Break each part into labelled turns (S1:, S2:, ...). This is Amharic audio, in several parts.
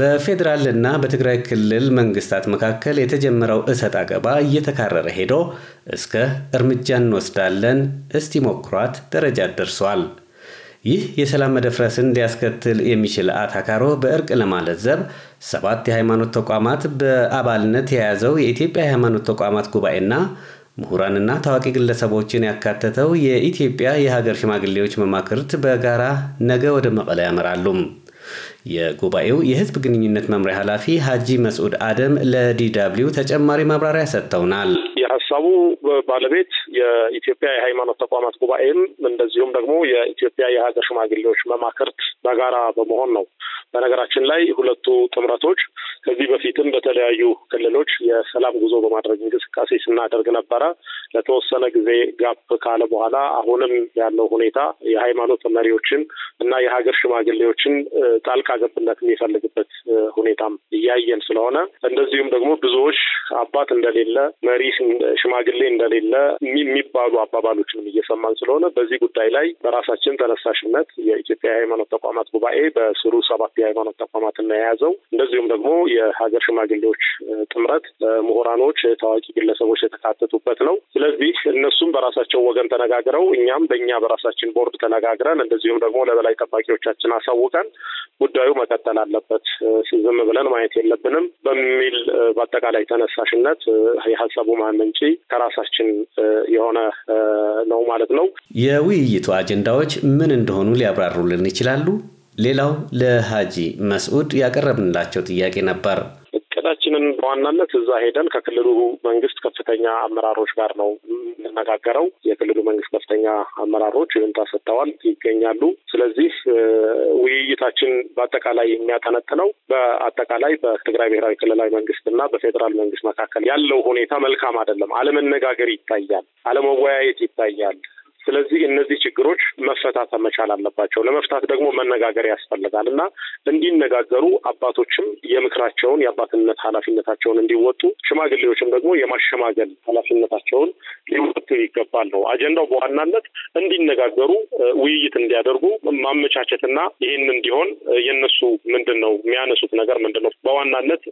S1: በፌዴራልና በትግራይ ክልል መንግስታት መካከል የተጀመረው እሰጥ አገባ እየተካረረ ሄዶ እስከ እርምጃ እንወስዳለን እስቲ ሞክሯት ደረጃ ደርሷል። ይህ የሰላም መደፍረስን ሊያስከትል የሚችል አታካሮ በእርቅ ለማለዘብ ሰባት የሃይማኖት ተቋማት በአባልነት የያዘው የኢትዮጵያ የሃይማኖት ተቋማት ጉባኤና ምሁራንና ታዋቂ ግለሰቦችን ያካተተው የኢትዮጵያ የሀገር ሽማግሌዎች መማክርት በጋራ ነገ ወደ መቀለ ያመራሉ። የጉባኤው የህዝብ ግንኙነት መምሪያ ኃላፊ ሀጂ መስዑድ አደም ለዲደብሊው ተጨማሪ ማብራሪያ ሰጥተውናል።
S2: የሀሳቡ ባለቤት የኢትዮጵያ የሃይማኖት ተቋማት ጉባኤም እንደዚሁም ደግሞ የኢትዮጵያ የሀገር ሽማግሌዎች መማክርት በጋራ በመሆን ነው። በነገራችን ላይ ሁለቱ ጥምረቶች ከዚህ በፊትም በተለያዩ ክልሎች የሰላም ጉዞ በማድረግ እንቅስቃሴ ስናደርግ ነበረ። ለተወሰነ ጊዜ ጋፕ ካለ በኋላ አሁንም ያለው ሁኔታ የሃይማኖት መሪዎችን እና የሀገር ሽማግሌዎችን ጣልቃ ገብነት የሚፈልግበት ሁኔታም እያየን ስለሆነ እንደዚሁም ደግሞ ብዙዎች አባት እንደሌለ መሪ ሽማግሌ እንደሌለ የሚባሉ አባባሎችንም እየሰማን ስለሆነ በዚህ ጉዳይ ላይ በራሳችን ተነሳሽነት የኢትዮጵያ የሃይማኖት ተቋማት ጉባኤ በስሩ ሰባት የሃይማኖት ተቋማት የያዘው እንደዚሁም ደግሞ የሀገር ሽማግሌዎች ጥምረት ምሁራኖች፣ ታዋቂ ግለሰቦች የተካተቱበት ነው። ስለዚህ እነሱም በራሳቸው ወገን ተነጋግረው እኛም በእኛ በራሳችን ቦርድ ተነጋግረን እንደዚሁም ደግሞ ለበላይ ጠባቂዎቻችን አሳውቀን ጉዳዩ መቀጠል አለበት፣ ዝም ብለን ማየት የለብንም በሚል በአጠቃላይ ተነሳሽነት የሀሳቡ ማመንጪ ከራሳችን የሆነ ነው ማለት ነው።
S1: የውይይቱ አጀንዳዎች ምን እንደሆኑ ሊያብራሩልን ይችላሉ? ሌላው ለሀጂ መስዑድ ያቀረብንላቸው ጥያቄ ነበር።
S2: ሁላችንን በዋናነት እዛ ሄደን ከክልሉ መንግስት ከፍተኛ አመራሮች ጋር ነው የምንነጋገረው። የክልሉ መንግስት ከፍተኛ አመራሮች ይሁንታ ሰጥተዋል ይገኛሉ። ስለዚህ ውይይታችን በአጠቃላይ የሚያጠነጥነው በአጠቃላይ በትግራይ ብሔራዊ ክልላዊ መንግስት እና በፌዴራል መንግስት መካከል ያለው ሁኔታ መልካም አይደለም። አለመነጋገር ይታያል፣ አለመወያየት ይታያል። ስለዚህ እነዚህ ችግሮች መፈታት መቻል አለባቸው። ለመፍታት ደግሞ መነጋገር ያስፈልጋል እና እንዲነጋገሩ አባቶችም የምክራቸውን የአባትነት ኃላፊነታቸውን እንዲወጡ፣ ሽማግሌዎችም ደግሞ የማሸማገል ኃላፊነታቸውን ሊወጡ ይገባል ነው አጀንዳው። በዋናነት እንዲነጋገሩ ውይይት እንዲያደርጉ ማመቻቸትና ይህን እንዲሆን የነሱ ምንድን ነው የሚያነሱት ነገር ምንድን ነው በዋናነት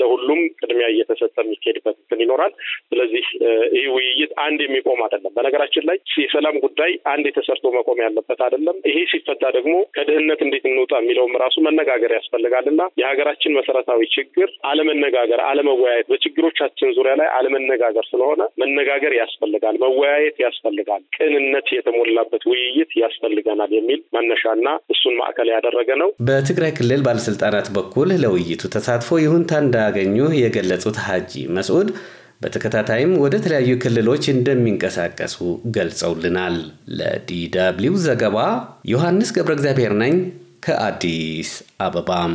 S2: ለሁሉም ቅድሚያ እየተሰጠ የሚካሄድበት እንትን ይኖራል። ስለዚህ ይህ ውይይት አንድ የሚቆም አይደለም። በነገራችን ላይ የሰላም ጉዳይ አንድ የተሰርቶ መቆም ያለበት አይደለም። ይሄ ሲፈታ ደግሞ ከድህነት እንዴት እንውጣ የሚለውም ራሱ መነጋገር ያስፈልጋል እና የሀገራችን መሰረታዊ ችግር አለመነጋገር፣ አለመወያየት በችግሮቻችን ዙሪያ ላይ አለመነጋገር ስለሆነ መነጋገር ያስፈልጋል፣ መወያየት ያስፈልጋል፣ ቅንነት የተሞላበት ውይይት ያስፈልገናል የሚል መነሻና እሱን ማዕከል ያደረገ ነው።
S1: በትግራይ ክልል ባለስልጣናት በኩል ለውይይቱ ተሳትፎ ይሁንታ እንዳገኙ የገለጹት ሀጂ መስዑድ በተከታታይም ወደ ተለያዩ ክልሎች እንደሚንቀሳቀሱ ገልጸውልናል። ለዲደብሊው ዘገባ ዮሐንስ ገብረ እግዚአብሔር ነኝ ከአዲስ አበባም